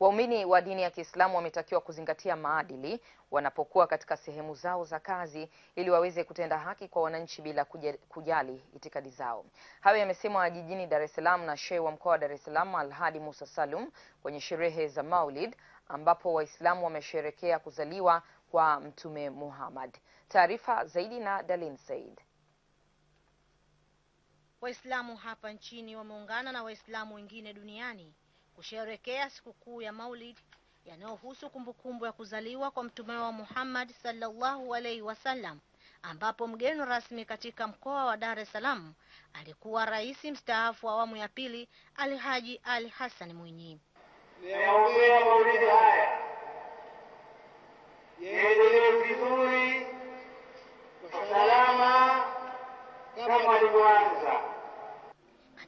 Waumini wa dini ya Kiislamu wametakiwa kuzingatia maadili wanapokuwa katika sehemu zao za kazi ili waweze kutenda haki kwa wananchi bila kujali itikadi zao. Hayo yamesemwa jijini Dar es Salaam na Sheikh wa mkoa wa Dar es Salaam Alhadi Musa Salum kwenye sherehe za Maulid ambapo Waislamu wamesherekea kuzaliwa kwa Mtume Muhammad. Taarifa zaidi na Dalin Said. Waislamu hapa nchini wameungana na Waislamu wengine duniani kusherekea sikukuu ya Maulid yanayohusu kumbukumbu ya kuzaliwa kwa Mtume wa Muhammad sallallahu alaihi wasallam, ambapo mgeni rasmi katika mkoa wa Dar es Salaam alikuwa rais mstaafu wa awamu ya pili Alhaji Ali Hassan Mwinyi. maulidi haya yaendelee vizuri kwa salama kama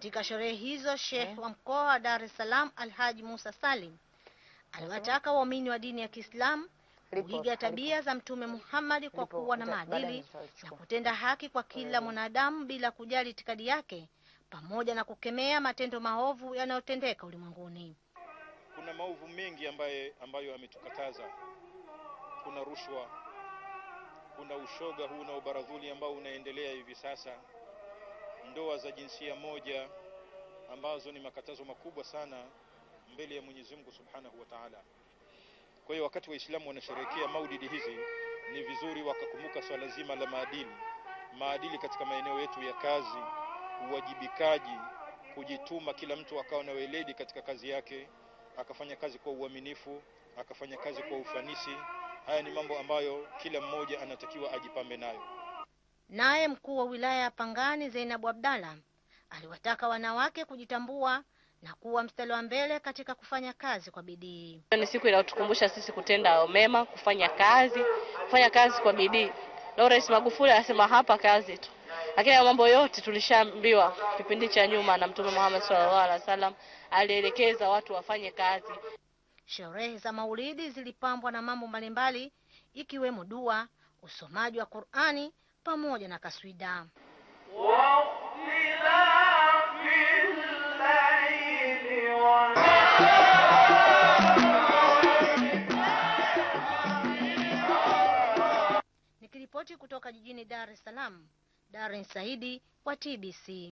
katika sherehe hizo, Sheikh eh. wa mkoa wa Dar es Salaam Alhaji Musa Salim aliwataka waumini wa dini ya Kiislamu kuiga tabia za Mtume Muhammad kwa kuwa na maadili na kutenda haki kwa kila eh. mwanadamu bila kujali itikadi yake, pamoja na kukemea matendo maovu yanayotendeka ulimwenguni. Kuna maovu mengi ambaye, ambayo ametukataza. Kuna rushwa, kuna ushoga huu na ubaradhuli ambao unaendelea hivi sasa ndoa za jinsia moja ambazo ni makatazo makubwa sana mbele ya Mwenyezi Mungu Subhanahu wa Ta'ala. Kwa hiyo wakati Waislamu wanasherehekea maulidi hizi, ni vizuri wakakumbuka swala zima la maadili, maadili katika maeneo yetu ya kazi, uwajibikaji, kujituma, kila mtu akawa na weledi katika kazi yake, akafanya kazi kwa uaminifu, akafanya kazi kwa ufanisi. Haya ni mambo ambayo kila mmoja anatakiwa ajipambe nayo. Naye mkuu wa wilaya ya Pangani Zainabu Abdalla aliwataka wanawake kujitambua na kuwa mstari wa mbele katika kufanya kazi kwa bidii. Ni siku inayotukumbusha sisi kutenda mema, kufanya kazi, kufanya kazi kwa bidii. Leo Rais Magufuli anasema hapa kazi tu, lakini mambo yote tulishaambiwa kipindi cha nyuma na Mtume Muhammad sallallahu alaihi wasallam, alielekeza watu wafanye kazi. Sherehe za Maulidi zilipambwa na mambo mbalimbali ikiwemo dua, usomaji wa Qur'ani pamoja na kaswida. Nikiripoti kutoka jijini Dar es Salaam, Darin Saidi wa TBC.